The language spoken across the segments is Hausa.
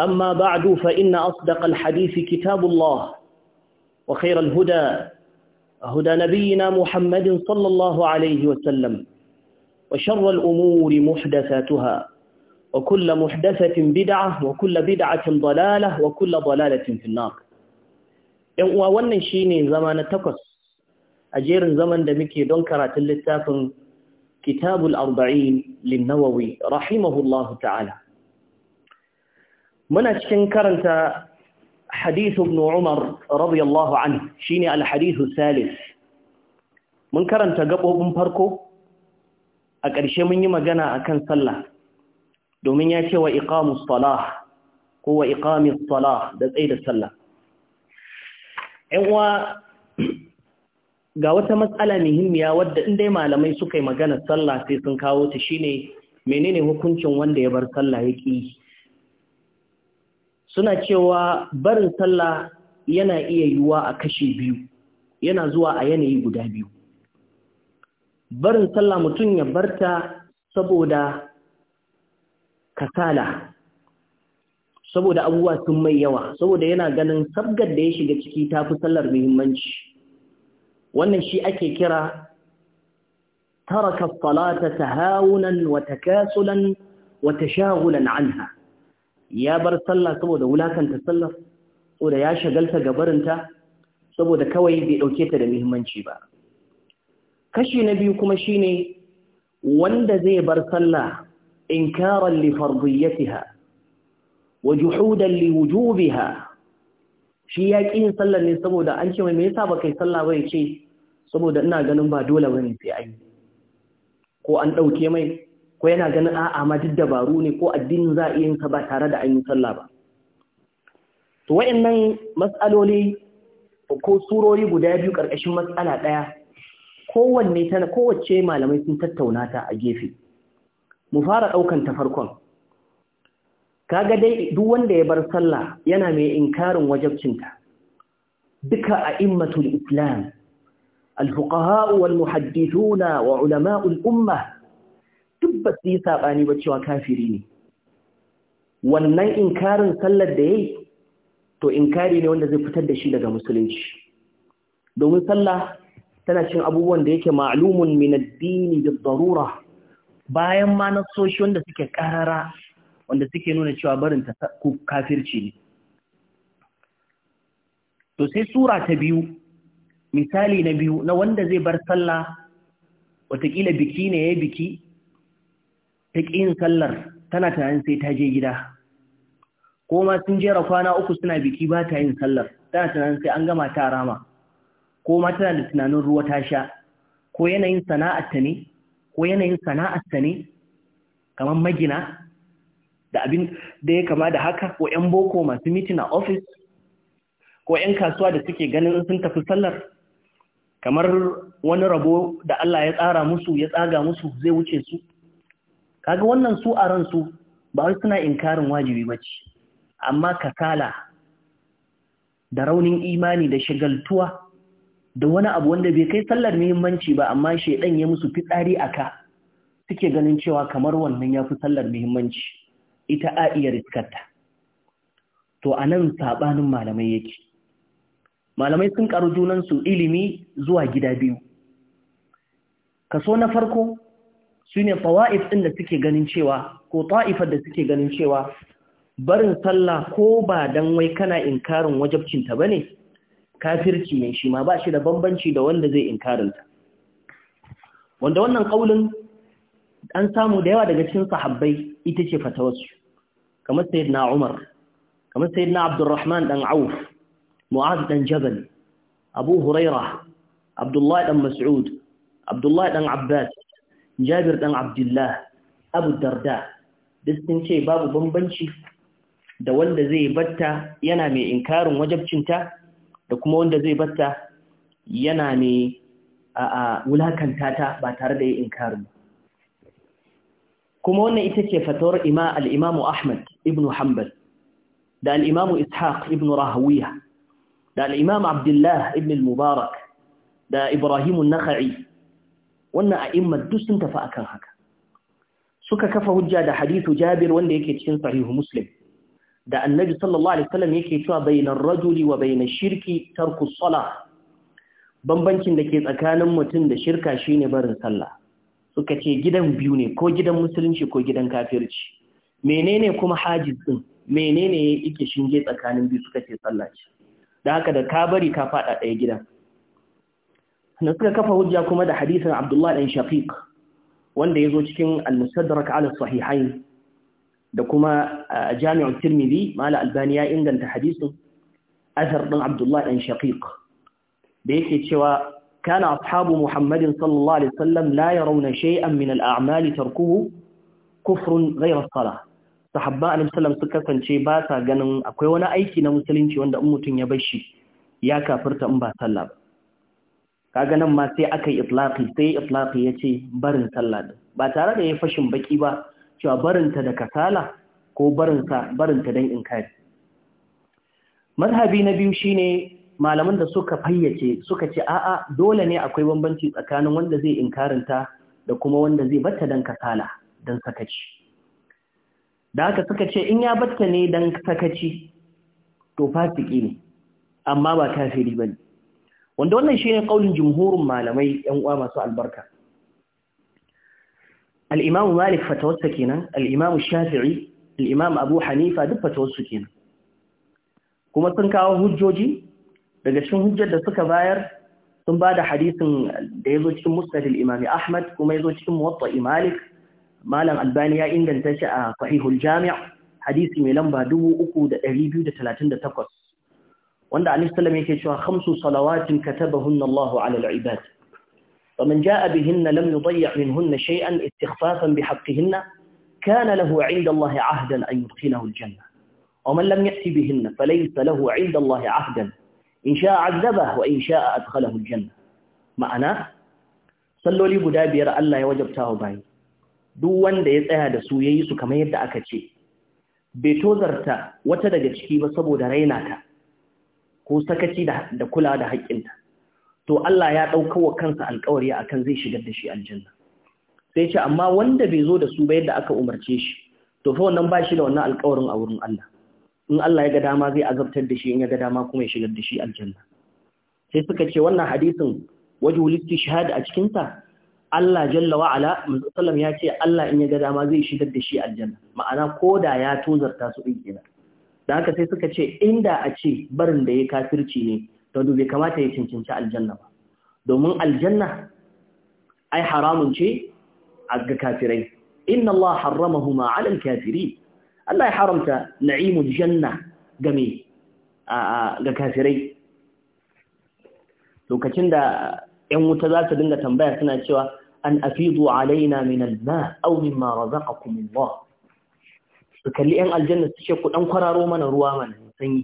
أما بعد فإن أصدق الحديث كتاب الله وخير الهدى هدى نبينا محمد صلى الله عليه وسلم وشر الأمور محدثاتها وكل محدثة بدعة وكل بدعة ضلالة وكل ضلالة في النار وأنا shine zama زمان التقص أجير jerin zaman da muke don karatun littafin Kitabul Arba'in lin muna cikin karanta hadithu ibn Umar radiyallahu anhu shine al salis mun karanta gabobin farko a ƙarshe mun yi magana akan sallah domin ya ce wa iqamus salah ko wa iqamis salah da tsaida sallah uwa ga wata matsala muhimmiya wadda indai malamai suka yi magana sallah sai sun kawo ta shine menene hukuncin wanda ya bar sallah ya ƙi suna cewa barin sallah yana iya yiwuwa a kashe biyu yana zuwa a yanayi guda biyu barin sallah mutum ya barta saboda kasala saboda abubuwa sun mai yawa saboda yana ganin sabgar da ya shiga ciki ta fi sallar muhimmanci wannan shi ake kira taraka salata tahawunan wa takasulan wa tashaghulan anha ya bar sallah saboda wulakanta sallar saboda ya shagalta gabarinta saboda kawai bai ɗauke ta da muhimmanci ba kashi na biyu kuma shine wanda zai bar sallah inkaran li fardiyatiha wa juhudan li wujubiha shi ya yin sallah ne saboda an ce mai me yasa baka yi sallah ba ya ce saboda ina ganin ba dole bane sai ai ko an dauke mai ko yana ganin a'a ma duk dabaru ne ko addinin za a iya yin sa ba tare da an yi sallah ba to wayannan mas'aloli ko surori guda biyu karkashin mas'ala daya kowanne tana kowace malamai sun tattauna ta a gefe mu fara daukan ta farkon kaga dai duk wanda ya bar sallah yana mai inkarin wajibcinta duka a immatul islam al-fuqaha wal muhaddithuna wa ulama'ul umma duk ba su yi saɓani ba cewa kafiri ne wannan inkarin sallar da ya yi to inkari ne wanda zai fitar da shi daga musulunci domin sallah tana cin abubuwan da yake ma'lumun min da da tsarura, bayan ma na soshi wanda suke karara wanda suke nuna cewa barin ta kafirci ne to sai sura ta biyu misali na biyu na wanda zai bar sallah watakila biki ne ya biki ta ƙin sallar tana tunanin sai ta je gida ko ma sun jera kwana uku suna biki ba ta yin sallar tana tunanin sai an gama ta rama ko ma tana da tunanin ruwa ta sha ko yanayin ta ne ko yanayin ta ne kamar magina da abin da ya kama da haka ko 'yan boko masu mitin a ofis ko 'yan kasuwa da suke ganin sun tafi sallar kamar wani rabo da Allah ya tsara musu ya tsaga musu zai wuce su kaga wannan su a ransu ba wai suna inkarin wajibi ba ce amma kasala da raunin imani da shagaltuwa da wani abu wanda bai kai sallar muhimmanci ba amma shedan ya musu fitsari aka suke ganin cewa kamar wannan yafi sallar muhimmanci ita a iya riskarta to anan saɓanin malamai yake malamai sun karu junan ilimi zuwa gida biyu kaso na farko su ne fawa'if ɗin da suke ganin cewa ko ta'ifar da suke ganin cewa barin sallah ko ba don wai kana inkarin wajabcinta ba ne kafirci ne shi ma ba shi da bambanci da wanda zai inkarinta wanda wannan ƙaulin an samu da yawa daga cikin sahabbai ita ce fatawarsu kamar na umar kamar na abdurrahman dan auf mu'az dan jabal abu huraira abdullahi dan mas'ud abdullahi ɗan abbas jabir ɗan abdullah abu darda duk ce babu bambanci da wanda zai batta yana mai inkarin wajabcinta da kuma wanda zai batta yana mai a wulakanta ta ba tare da ya inkarin kuma wannan ita ce fatawar al'imamu ahmad ibn hanbal da al'imamu ishaq ibn rahawiya da al'imamu abdullah ibn mubarak da ibrahimun naka'i wannan a'imman duk sun tafi akan haka suka kafa hujja da hadithu Jabir wanda yake cikin sahihu Muslim da Annabi sallallahu alaihi wasallam yake cewa bainar rajuli wa bainash shirki tarku salah bambancin da ke tsakanin mutum da shirka shine barin sallah suka ce gidan biyu ne ko gidan musulunci ko gidan kafirci menene kuma hajiz din menene yake shinge tsakanin biyu suka ce sallah ce da haka da ka bari ka fada ɗaya gidan da suka kafa hujja kuma da hadisin Abdullah ibn Shaqiq wanda zo cikin al-Mustadrak ala sahihain da kuma uh, jamian Tirmidhi mala Albani ya inganta hadisin athar din Abdullah ibn Shaqiq da yake cewa kana ashabu Muhammadin sallallahu alaihi wasallam la yarawna shay'an min al-a'mal tarkuhu kufrun ghayra salah sahabba alaihi wasallam suka kasance ba sa ganin akwai wani aiki na musulunci wanda in mutun ya bar shi ya kafirta in ba sallah ba kaga nan ma sai aka yi iflaki sai ya ce barin sallah din ba tare da yi fashin baki ba cewa barinta da kasala ko barinsa barinta dan inkari madhabi na biyu shine malaman da suka fayyace suka ce a'a dole ne akwai bambanci tsakanin wanda zai inkarinta da kuma wanda zai batta dan kasala dan sakaci da haka suka ce in ya batta ne dan sakaci to fasiki ne amma ba kafiri bane wanda wannan shine kaulin jumhurin malamai yan uwa masu albarka al malik fatawarsa kenan Al'imamu shafi'i al abu hanifa duk fatawarsu kenan kuma sun kawo hujjoji daga cikin hujjar da suka bayar sun ba da hadisin da ya zo cikin musnadil imami ahmad kuma ya zo cikin muwatta malik malam albani ya inganta shi a sahihul Jami'a hadisi mai lamba 3238 wanda Annabi sallam yake cewa khamsu salawatin katabahunna Allahu 'ala al-'ibad wa man jaa bihinna lam yudayya minhunna shay'an istighfafan bihaqqihinna kana lahu 'inda Allahi 'ahdan an yudkhilahu al-janna wa man lam ومن bihinna falaysa lahu 'inda Allahi 'ahdan in shaa 'adzabahu wa in shaa adkhalahu al-janna ma'ana salloli guda biyar Allah ya wajabta wa bai duk wanda ya tsaya da su yayi su kamar yadda aka ce bai tozarta wata daga ciki ba saboda raina ta ko sakaci da kula da haƙƙinta to Allah ya ɗauka wa kansa alƙawari akan zai shigar da shi aljanna sai ce amma wanda bai zo da su ba yadda aka umarce shi to fa wannan ba shi da wannan alƙawarin a wurin Allah in Allah ya ga dama zai azabtar da shi in ya ga dama kuma ya shigar da shi aljanna sai suka ce wannan hadisin wajhul shahada a cikin sa Allah jalla wa ala sallam ya ce Allah in ya ga dama zai shigar da shi aljanna ma'ana koda ya tozarta su din kenan da haka sai suka ce inda a ce barin da ya kafirci ne to bai kamata ya cancanci aljanna ba domin aljanna ai haramun ce a ga kafirai inna Allah harramahuma ala alkafirin Allah ya haramta na'imul janna game ga kafirai lokacin da ‘yan wuta za su dinga tambaya suna cewa an afidu alaina min alma au mimma razaqakum su kalli ‘yan aljanna su ce ku ɗan kwararo mana ruwa mana sanyi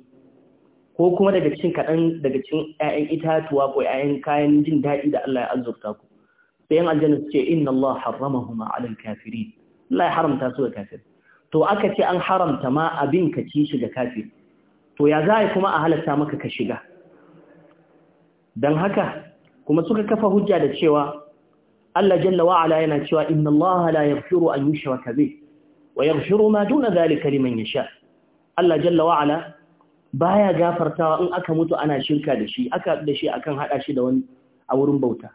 ko kuma daga cikin kaɗan daga cikin ‘ya'yan itatuwa ko ‘ya'yan kayan jin daɗi da Allah ya azurta ku sai ‘yan aljanna su ce inna Allah harrama huma alal kafiri Allah ya haramta su ga kafir to aka ce an haramta ma abin ka ci shi ga kafir to ya za kuma a halatta maka ka shiga don haka kuma suka kafa hujja da cewa Allah jalla wa'ala yana cewa inna Allah la yaghfiru an yushraka bihi ويغفر ما دون kaliman ya sha. Allah jalla wa'ala baya gafartawa in aka mutu ana shirka da shi aka da shi akan hada shi da wani a wurin bauta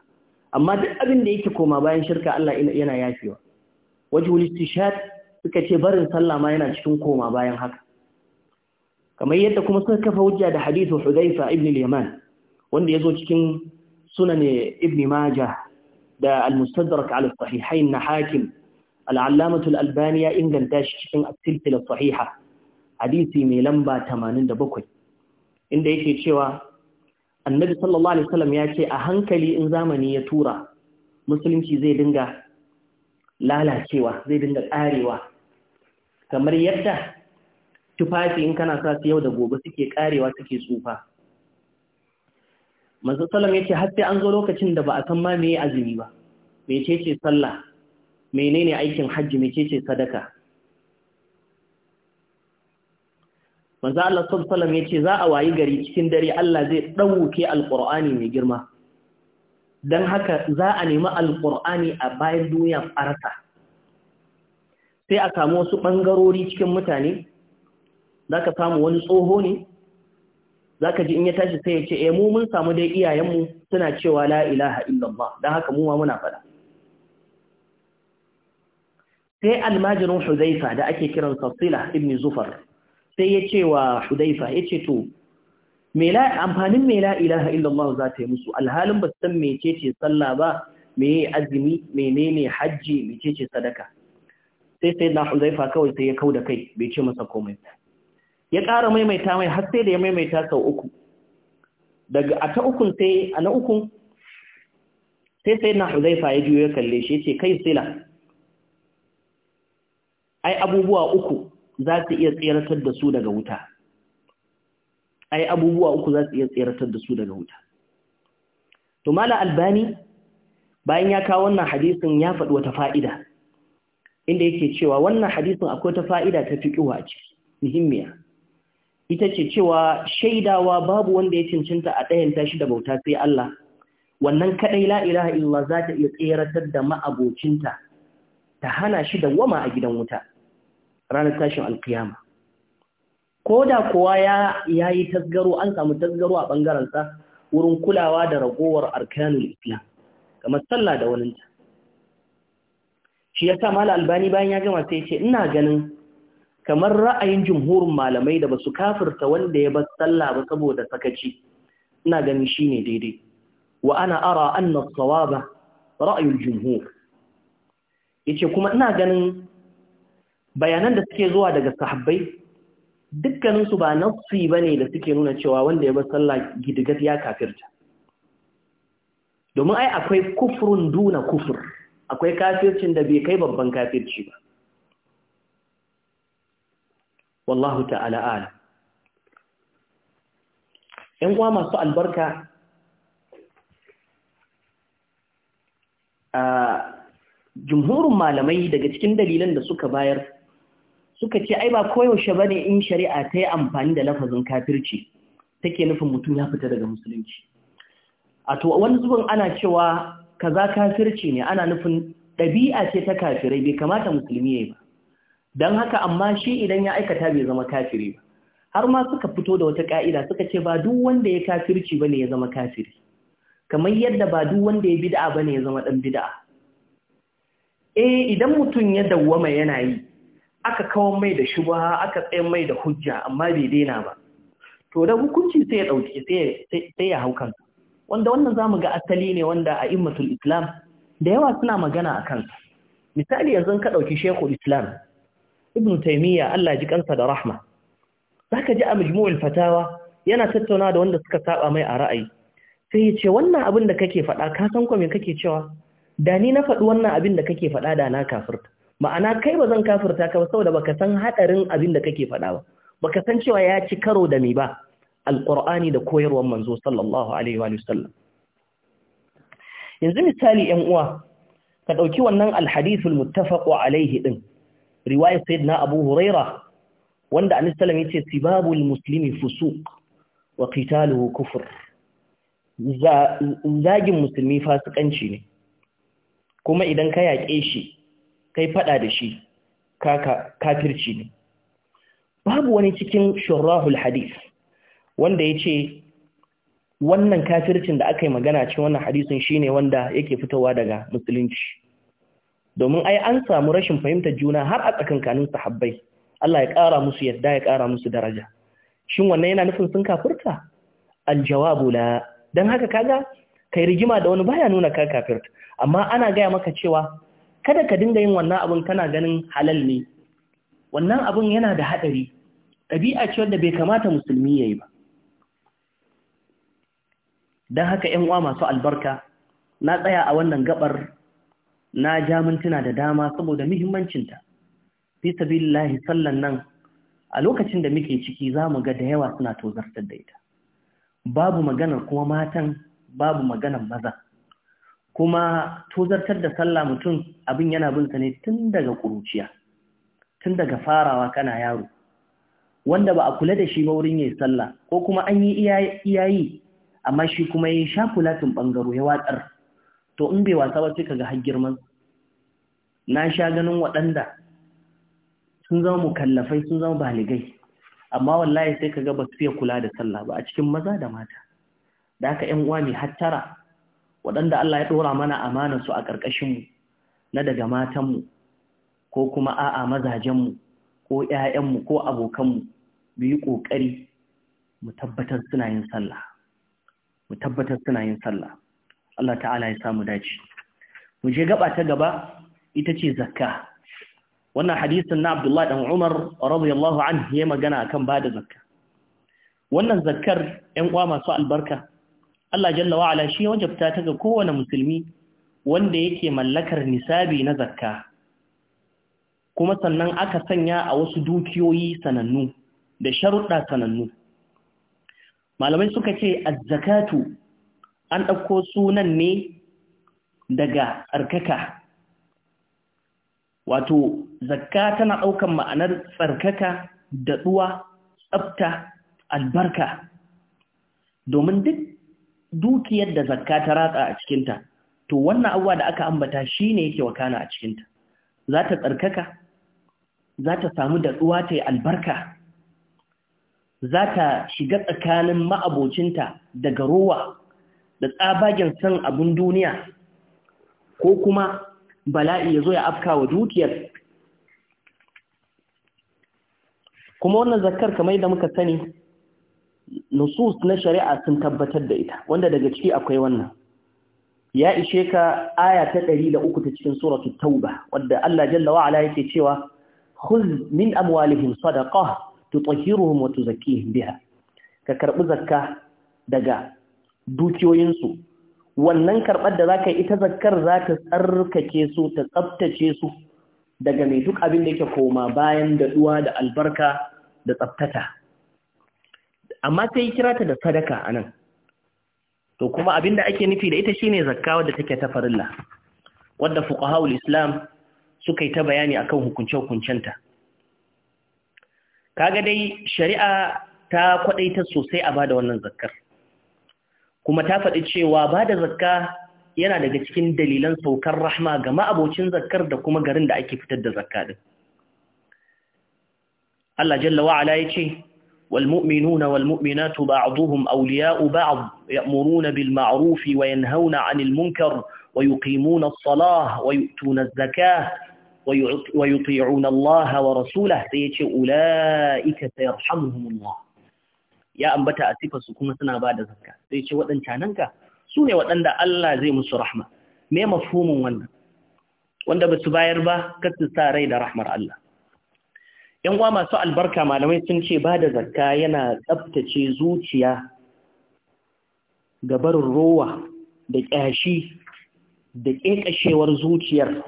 amma duk abin da yake koma bayan shirka Allah yana yafewa wajhul istishhad suka ce barin sallah ma yana cikin koma bayan haka kamar yadda kuma suka kafa hujja da hadithu Hudhaifa ibn al wanda ya zo cikin sunan Ibn Majah da al-Mustadrak ala sahihain na Hakim al'allamatul albani ya inganta shi cikin asilfila sahiha hadisi mai lamba 87 inda yake cewa annabi sallallahu alaihi wasallam ya ce a hankali in zamani ya tura musulunci zai dinga lalacewa zai dinga karewa kamar yadda tufafi in kana sa su yau da gobe suke karewa suke tsufa manzo Salam ya har sai an zo lokacin da ba a san ma meye azumi ba mecece sallah menene aikin hajji ce sadaka manzo Allah sallallahu yace za a wayi gari cikin dare Allah zai dauke alqur'ani mai girma dan haka za a nemi alqur'ani a bayan duniya farka sai a samu wasu bangarori cikin mutane zaka samu wani tsoho ne zaka ji in ya tashi sai ya ce eh mu mun samu dai iyayenmu suna cewa la ilaha illallah dan haka mu ma muna fada sai almajirin Hudaifa da ake kiran tafsila ibn zufar sai ya ce wa hudaifa ya ce to amfanin mai la'ilaha illallah za ta yi musu alhalin ba su san mai ce sallah ba mai azumi menene hajji mai ce sadaka sai sai na Hudaifa kawai sai ya kau da kai bai ce masa komai ya ƙara maimaita mai har sai da ya maimaita sau uku daga a ta ukun sai a na ukun sai sai na Hudaifa ya juyo ya kalle shi ce kai sila ai abubuwa uku za su iya tseratar da su daga wuta ai abubuwa uku za su iya tseratar da su daga wuta to mala albani bayan ya kawo wannan hadisin ya faɗi wata fa'ida inda yake cewa wannan hadisin akwai wata fa'ida ta fiƙiwa a ciki muhimmiya ita ce cewa shaidawa babu wanda ya cancanta a ɗayan tashi da bauta sai Allah wannan kaɗai la ilaha illallah za ta iya tseratar da ma'abocinta ta hana shi da dawwama a gidan wuta ranar tashin alkiyama ko da kowa ya yi tasgaro an samu tasgaro a ɓangarensa wurin kulawa da ragowar arkanin islam kamar sallah da ta shi ya sa mala albani bayan ya gama sai ce ina ganin kamar ra'ayin jumhurin malamai da ba su kafirta wanda ya bar sallah ba saboda sakaci ina ganin shi ne daidai wa ana ara annas sawaba ra'ayin jimhurin yace kuma ina ganin bayanan da suke zuwa daga sahabbai dukkaninsu ba nafsi bane da suke nuna cewa wanda ya bar sallah gidigat ya kafirta domin ai akwai kufrun duna kufur akwai kafircin da bai kai babban kafirci ba wallahu ta'ala ala ‘yan uwa masu albarka a jumhurin malamai daga cikin dalilan da suka bayar suka ce ai ba koyaushe bane in shari'a ta yi amfani da lafazin kafirci take nufin mutum ya fita daga musulunci a to wani zubin ana cewa kaza kafirci ne ana nufin ɗabi'a ce ta kafirai bai kamata musulmi ya yi ba don haka amma shi idan ya aikata bai zama kafiri ba har ma suka fito da wata ka'ida suka ce ba duk wanda ya kafirci bane ya zama kafiri kamar yadda ba duk wanda ya bid'a bane ya zama dan bida'a. eh idan mutum ya dawwama yana yi aka kawo mai da shuba, aka tsaye mai da hujja amma bai daina ba to da hukunci sai ya dauki sai ya hau kansa wanda wannan zamu ga asali ne wanda a immatul islam da yawa suna magana a kansa misali yanzu ka dauki shehu islam ibn taymiya Allah ji kansa da rahma zaka ji a majmu'ul fatawa yana tattauna da wanda suka saba mai a ra'ayi sai ya ce wannan abin da kake faɗa ka san ko me kake cewa da ni na faɗi wannan abin da kake faɗa da na kafirta ma'ana kai ba zan kafirta ka ba saboda baka san hadarin abin da kake faɗa ba baka san cewa ya ci karo da me ba alqur'ani da koyarwar manzo sallallahu alaihi wa sallam yanzu misali 'yan uwa ka ɗauki wannan alhadithul muttafaq alaihi din riwayat sayyidina abu huraira wanda annabi sallallahu alaihi yace sibabul muslimi fusuq wa qitaluhu kufr zagin musulmi fasikanci ne kuma idan ka yaƙe shi kai faɗa da shi kafirci ne babu wani cikin shurrahul hadis wanda ya ce wannan kafircin da aka yi magana cikin wannan hadisin shine wanda yake fitowa daga musulunci domin ai an samu rashin fahimtar juna har a tsakankanin sahabbai Allah ya ƙara musu yadda ya ƙara musu daraja shin wannan yana nufin sun kafirta aljawabu la dan haka kaga kai rigima da wani baya nuna ka kafirta amma ana gaya maka cewa kada ka dinga yin wannan abin kana ganin halal ne wannan abun yana da haɗari ɗabi'a ce wanda bai kamata musulmi ya yi ba don haka ‘yan uwa masu albarka na tsaya a wannan gabar na ja mintuna da dama saboda muhimmancinta fi sabilillahi sallan nan a lokacin da muke ciki za mu ga da yawa suna tozartar da ita babu maganar kuma matan babu maganar maza kuma tozartar da sallah mutum abin yana bin sa ne tun daga kuruciya tun daga farawa kana yaro wanda ba a kula da shi ba wurin yayin sallah ko kuma an yi iyayi amma shi kuma ya sha tun bangaro ya watsar to in bai wasa ba sai kaga har girman na sha ganin waɗanda sun zama mukallafai sun zama baligai amma wallahi sai kaga ba su fiye kula da sallah ba a cikin maza da mata da aka yan uwa mai hattara waɗanda Allah ya ɗora mana amanar su a ƙarƙashinmu na daga matanmu ko kuma a'a mazajenmu ko ‘ya'yanmu ko abokanmu mu yi ƙoƙari mu tabbatar suna yin sallah mu tabbatar suna yin sallah Allah ta'ala ya samu dace mu je gaba ta gaba ita ce zakka wannan hadisin na Abdullahi dan Umar radiyallahu anhu ya magana akan bada zakka wannan zakkar 'yan uwa masu albarka Allah jalla wa ala shi wajabta ta ga kowane musulmi wanda yake mallakar nisabi na zakka kuma sannan aka sanya a wasu dukiyoyi sanannu da sharuɗa sanannu malamai suka ce az-zakatu an ɗauko sunan ne daga tsarkaka wato zakka tana ɗaukan ma'anar tsarkaka da daɗuwa tsafta albarka domin duk dukiyar da zakka ta ratsa a cikinta to wannan abuwa da aka ambata shi ne yake wakana a cikinta za ta tsarkaka za ta samu tsuwa ta yi albarka za ta shiga tsakanin ma'abocinta daga rowa da tsabagen san abin duniya ko kuma bala'i ya zo ya afka wa dukiyar kuma wannan Zakkar kamar da muka sani nusus na shari'a sun tabbatar da ita wanda daga ciki akwai wannan ya ishe ka aya ta 103 ta cikin suratul tauba wadda Allah jalla wa ala yake cewa khul min amwalihim sadaqah tutahhiruhum wa tuzakkihim biha ka karbi zakka daga dukiyoyinsu wannan karɓar da zaka ita zakkar zaka tsarkake su ta tsaftace su daga mai duk abin da yake koma bayan da duwa da albarka da tsaftata amma sai ya kira ta da sadaka anan to kuma abin abinda ake nufi da ita shi ne zakka wadda take ta farilla wadda fukuhawul islam suka yi ta bayani akan hukunce-hukuncenta kaga dai shari'a ta kwaɗaita sosai a bada wannan zakkar kuma ta faɗi cewa ba da zakka yana daga cikin dalilan saukar rahma ga ma'abocin zakkar da kuma garin da ake fitar da zakka din Allah jalla wa'ala ya ce والمؤمنون والمؤمنات بعضهم أولياء بعض يأمرون بالمعروف وينهون عن المنكر ويقيمون الصلاة ويؤتون الزكاة ويطيعون الله ورسوله سيتي أولئك سيرحمهم الله يا أنبتا أسفة سكومة سنة بعد زكاة سيتي وأن كاننك سوني وأن الله زي مصر رحمة ما مفهوم وانا وانا بسبايربا باير با رحمة الله yan uwa masu albarka malamai sun ce ba da zakka yana tsaftace zuciya gabar rowa da ƙyashi da ƙeƙashewar zuciyar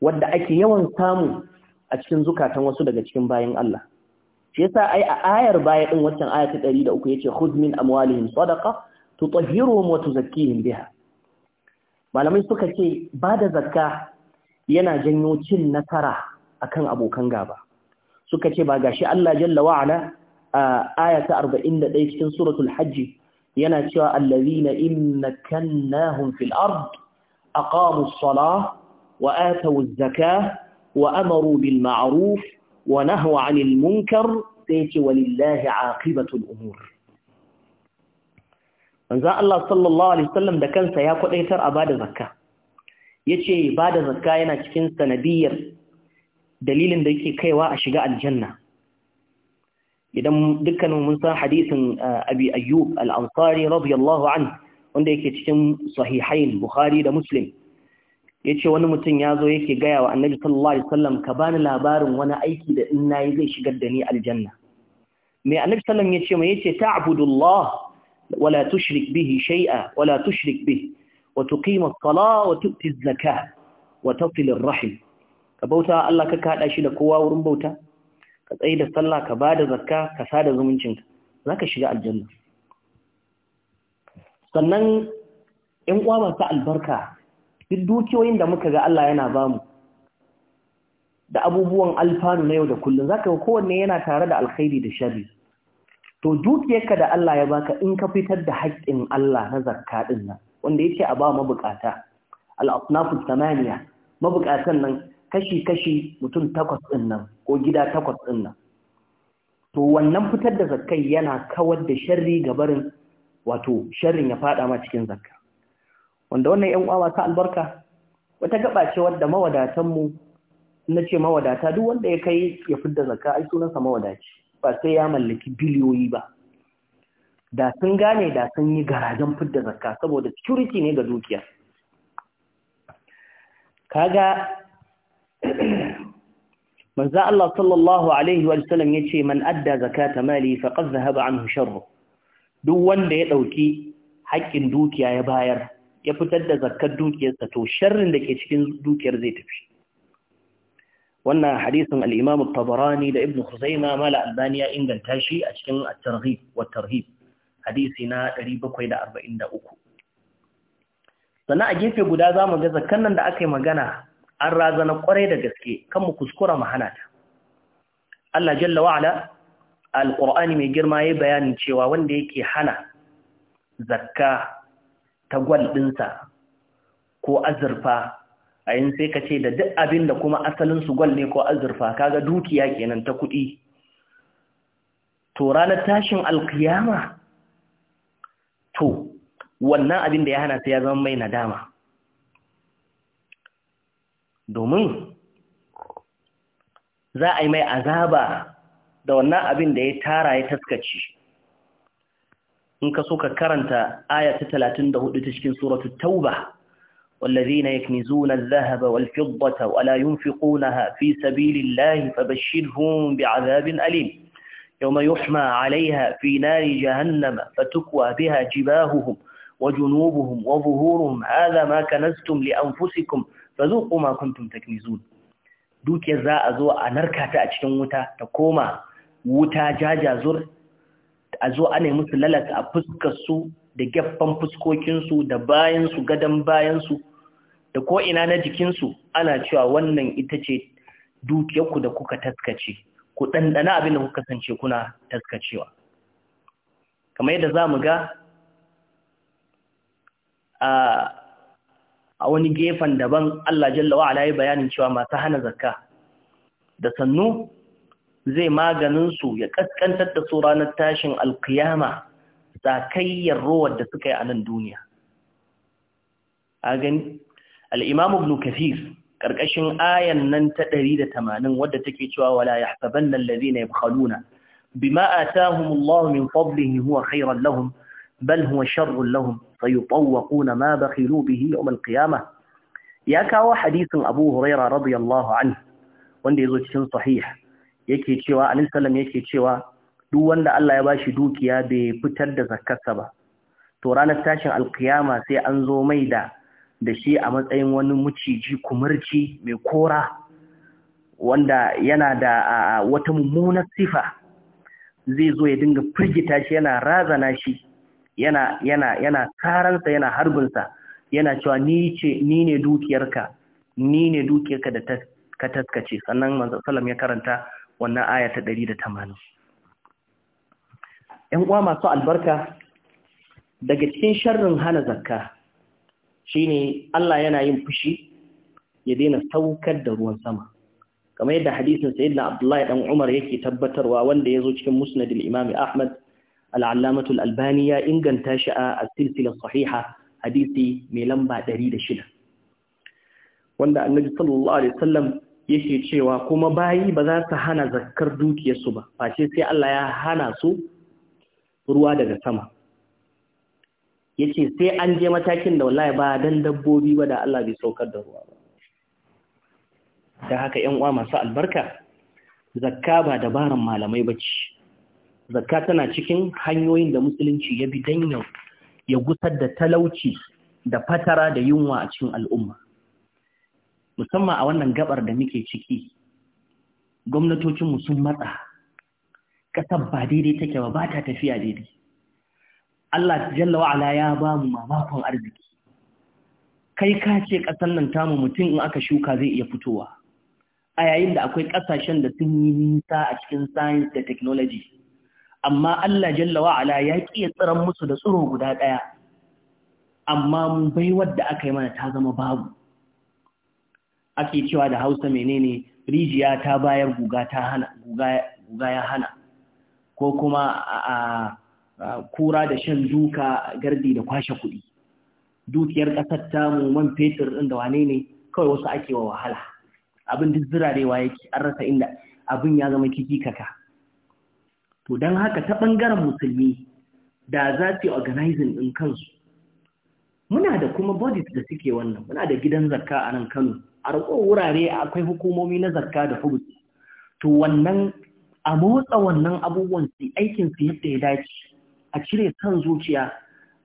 wadda ake yawan samu a cikin zukatan wasu daga cikin bayan Allah shi yasa ai a ayar baya din waccan aya ta 103 yace khudh min amwalihim sadaqa tutahhiruhum wa tuzakkihim biha malamai suka ce ba da zakka yana janyo cin nasara akan abokan gaba suka ce ba gashi Allah jalla wa'ala a aya 41 cikin suratul hajj yana cewa allazina innakannahum fil ard aqamu ssalah wa atu zakah wa amaru bil ma'ruf wa nahu 'anil munkar sayati walillahi 'aqibatul umur manzo Allah sallallahu alaihi wasallam da kansa ya kudaitar abada zakka yace bada zakka yana cikin sanadiyar dalilin da yake kaiwa a shiga aljanna idan dukkanin mun san hadisin uh, abi ayyub al-ansari radiyallahu anhu wanda yake cikin sahihain bukhari da muslim yace wani mutum ya zo yake gaya wa annabi sallallahu alaihi wasallam ka bani labarin wani aiki da in nayi zai shigar da ni aljanna me annabi sallam yace mai yace ta'budullah wala tushrik bihi shay'a wala tushrik bihi wa tuqima as-salah wa tu'ti az-zakah wa tasil ar-rahim ka bauta Allah ka haɗa shi da kowa wurin bauta ka tsaye da sallah ka ba da zakka ka sada zumuncin za ka shiga aljanna sannan ‘yan uwa masu albarka duk dukiyoyin da muka ga Allah yana bamu da abubuwan alfanu na yau da kullum za ka ga kowanne yana tare da alkhairi da sharri to dukiyarka da Allah ya baka in ka fitar da haƙƙin Allah na zakka ɗin nan wanda yake a ba mabukata asnafu samaniya mabukatan nan kashi-kashi mutum takwas ɗin nan ko gida takwas ɗin nan to wannan fitar da zakkai yana kawar da sharri gabarin wato sharrin ya fada ma cikin zakka wanda wannan yan uwa masu albarka wata gaba ce wadda mawadatanmu na ce mawadata duk wanda ya kai ya fidda da zakka ai sunansa mawadaci ba sai ya mallaki biliyoyi ba da sun gane da sun yi garajen fidda da zakka saboda security ne ga dukiya kaga manzo Allah sallallahu alaihi wa sallam yace man adda zakata mali faqad dhahaba anhu sharru duk wanda ya dauki haƙƙin dukiya ya bayar ya fitar da zakkar dukiyarsa to sharrin da ke cikin dukiyar zai tafi wannan hadisin al-Imam tabarani da Ibn Khuzaima mala albani ya inganta shi a cikin at-Targhib wa tarhib hadisi na 743 sannan a gefe guda zamu ga zakkan nan da aka yi magana an razana kwarai da gaske kan mu kuskura mu hana ta Allah jalla wa ala alqur'ani mai girma yayin bayanin cewa wanda yake hana zakka ta gwal dinsa ko azurfa a yin sai ka ce da duk abin da kuma asalin su gwal ne ko azurfa kaga dukiya kenan ta kuɗi to ranar tashin alkiyama to wannan abin da ya hana sai ya zama mai nadama domin za a yi mai azaba da wannan abin da ya tara ya taskaci in ka so ka karanta aya ta 34 ta cikin suratu tauba والذين يكنزون الذهب والفضة ولا ينفقونها في سبيل الله فبشرهم بعذاب أليم يوم يحمى عليها في نار جهنم فتكوى بها جباههم وجنوبهم وظهورهم هذا ما كنزتم لأنفسكم fa zo ma kuntum taknizun dukiyar za a zo a narka ta a cikin wuta ta koma wuta jajazur a zo ana yi musu lalata a fuskar su da gaffan fuskokinsu da bayan gadan gadon su, da ko'ina na jikinsu ana cewa wannan ita ce dukiyarku da kuka taskace ku ɗanɗana abin da kuka sance kuna taskacewa kamar yadda za mu ga a a wani gefen daban Allah jalla wa ala bayanin cewa masu hana zakka da sannu zai maganin su ya kaskantar da su ranar tashin alkiyama zakayyar rowar da suka yi a nan duniya a gani al-imam ibn kathir karkashin ayan nan ta 180 wadda take cewa wala yahsabanna alladhina yabkhaluna bima ataahumullahu min fadlihi huwa khayran lahum bal huwa sharrun lahum sayutawwaquna ma bakhilu bihi yawm al ya kawo hadisin Abu Huraira radiyallahu anhu wanda yazo cikin sahih yake cewa Annabi sallam yake cewa duk wanda Allah ya bashi dukiya bai fitar da zakarsa ba to ranar tashin alkiyama sai an zo mai da da shi a matsayin wani muciji kumurci mai kora wanda yana da wata mummunar sifa zai zo ya dinga firgita shi yana razana shi yana yana yana karansa yana harbinsa yana cewa ni ce ni ne dukiyarka ni ne dukiyarka da ta ka taskace sannan manzo sallam ya karanta wannan aya ta 180 Yan uwa masu albarka daga cikin sharrin hana zakka shine Allah yana yin fushi ya daina saukar da ruwan sama kamar yadda hadisin sayyidina Abdullahi dan Umar yake tabbatarwa wanda yazo cikin musnadil Imam Ahmad al'allamatul albani ya inganta shi a silsilar sahiha hadisi mai lamba ɗari da shida. wanda annabi sallallahu alaihi wasallam yake cewa kuma bayi ba za su hana zakkar dukiyarsu ba face sai Allah ya hana su ruwa daga sama yace sai an je matakin da wallahi ba dan dabbobi ba da Allah bai saukar da ruwa ba da haka 'yan uwa masu albarka zakka ba dabaran malamai bace zakka tana cikin hanyoyin da musulunci ya bi don ya gusar da talauci da fatara da yunwa a cikin al'umma musamman a wannan gabar da muke ciki gwamnatocinmu sun matsa ƙasar ba daidai take ba ba ta tafiya daidai Allah jalla wa'ala ya ba mu mamakon arziki kai ka ce ƙasar nan tamu mutum in aka shuka zai iya fitowa a yayin da akwai ƙasashen da sun yi nisa a cikin science da technology amma Allah jalla wa'ala ya ƙi ya tsiran musu da tsiro guda ɗaya amma baiwar da aka yi mana ta zama babu ake cewa da hausa menene rijiya ta bayar guga ta hana guga ya hana ko kuma a kura da shan duka gardi da kwashe kuɗi dukiyar ƙasar tamu man fetur ɗin da wane ne kawai wasu ake wa wahala abin duk zirarewa yake an rasa inda abin ya zama kiki kaka to don haka ta ɓangaren musulmi da za su yi organizing ɗin kansu muna da kuma bodies da suke wannan muna da gidan zarka a nan kano a roƙo wurare akwai hukumomi na zarka da hubus to wannan a motsa wannan abubuwan su aikin su yadda ya dace a cire san zuciya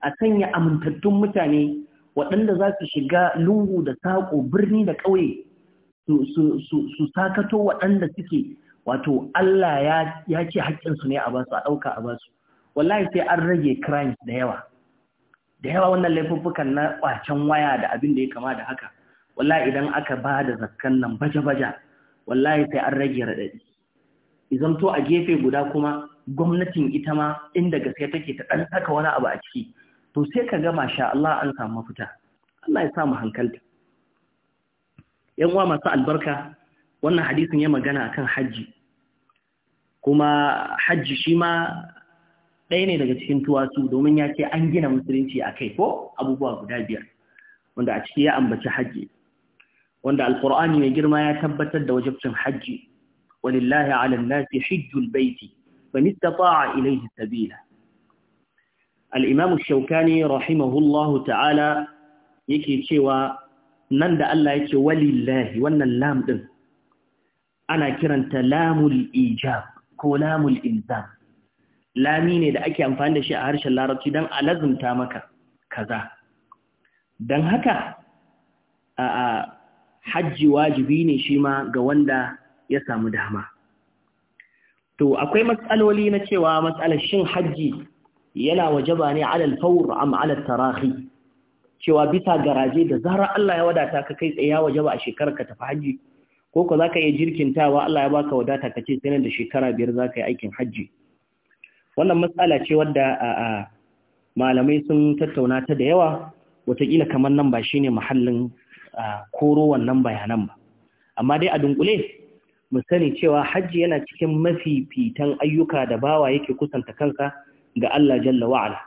a sanya amintattun mutane waɗanda za su shiga lungu da saƙo birni da ƙauye su sakato waɗanda suke wato Allah ya ce haƙƙinsu ne a basu a ɗauka a basu wallahi sai an rage crimes da yawa da yawa wannan laifuffukan na ƙwacen waya da abin da ya kama da haka wallahi idan aka ba da zakkan nan baja baja wallahi sai an rage raɗaɗi to a gefe guda kuma gwamnatin ita ma inda gaske take ta ɗan saka wani abu a ciki to sai ka gama sha Allah an samu mafita Allah ya samu hankalta yan uwa masu albarka wannan hadisin ya magana akan hajji kuma hajji shi ma ɗaya ne daga cikin tuwasu domin ya ce an gina musulunci a kai ko abubuwa guda biyar wanda a ciki ya ambaci hajji wanda alkur'ani mai girma ya tabbatar da wajibcin hajji walillahi ala nasi hajjul baiti man istata'a ilayhi sabila al-imam shaukani shawkani rahimahullahu ta'ala yake cewa nan da Allah yake walillahi wannan lam din ana kiranta lamul ijab ko lamul lami ne da ake amfani da shi a harshen larabci don a maka kaza don haka a hajji wajibi ne shi ma ga wanda ya samu dama to akwai matsaloli na cewa matsalar shin hajji yana wajaba ne alal fawr am alal tarahi cewa bisa garaje da zarar Allah ya wadata ka kai tsaye ya wajaba a shekarar ka tafi hajji ko ko zaka iya jirkintawa Allah ya baka wadata kace sai nan da shekara biyar zaka yi aikin hajji wannan matsala ce wadda malamai sun tattauna ta da yawa watakila kamar nan ba shine muhallin koro wannan bayanan ba amma dai a dunkule mu sani cewa hajji yana cikin mafi fitan ayyuka da bawa yake kusanta kansa ga Allah jalla wa'ala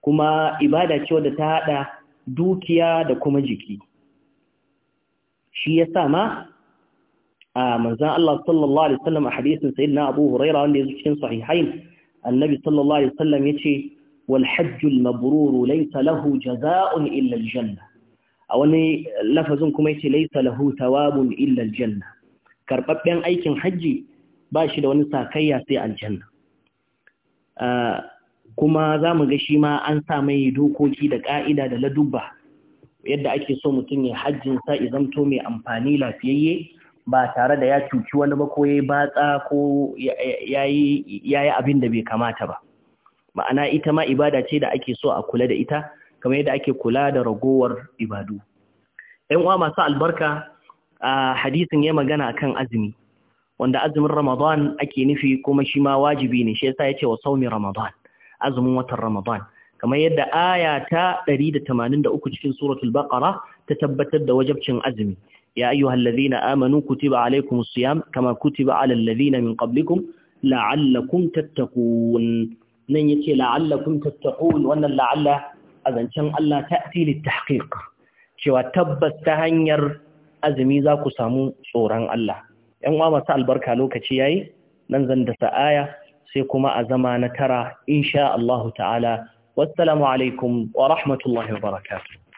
kuma ibada ce wadda ta hada dukiya da kuma jiki shi yasa ma a manzan Allah sallallahu alaihi wasallam a hadisin sayyidina Abu Huraira wanda yake cikin sahihain annabi sallallahu alaihi wasallam yace wal hajjul mabrur laysa lahu jaza'un illa janna a wani lafazin kuma yace laisa lahu tawabun illa janna karbabben aikin haji ba shi da wani sakayya sai aljanna kuma za mu ga shi ma an sa mai dokoki da ƙa'ida da ladubba yadda ake so mutum ya hajjinsa izamto mai amfani lafiyayye ba tare da ya cuci wani ba ko ya yi batsa ko ya yi abin da bai kamata ba ma'ana ita ma ibada ce da ake so a kula da ita kamar yadda ake kula da ragowar ibadu ‘yan uwa masu albarka a hadisin ya magana akan azumi wanda azumin ramadan ake nufi kuma shi ma wajibi ne shi yasa ya wa saumin ramadan azumin watan ramadan kamar yadda aya ta 183 cikin suratul baqara ta tabbatar da wajabcin azumi يا أيها الذين آمنوا كتب عليكم الصيام كما كتب على الذين من قبلكم لعلكم تتقون نيتي لعلكم تتقون وأن لعل أذن شان الله تأتي للتحقيق شوى تبس تهنير أزمي ذاكو سامو صوران الله يوم ما سأل بركة لوكا شيئي ننزل دس آية سيكما أزمان ترى إن شاء الله تعالى والسلام عليكم ورحمة الله وبركاته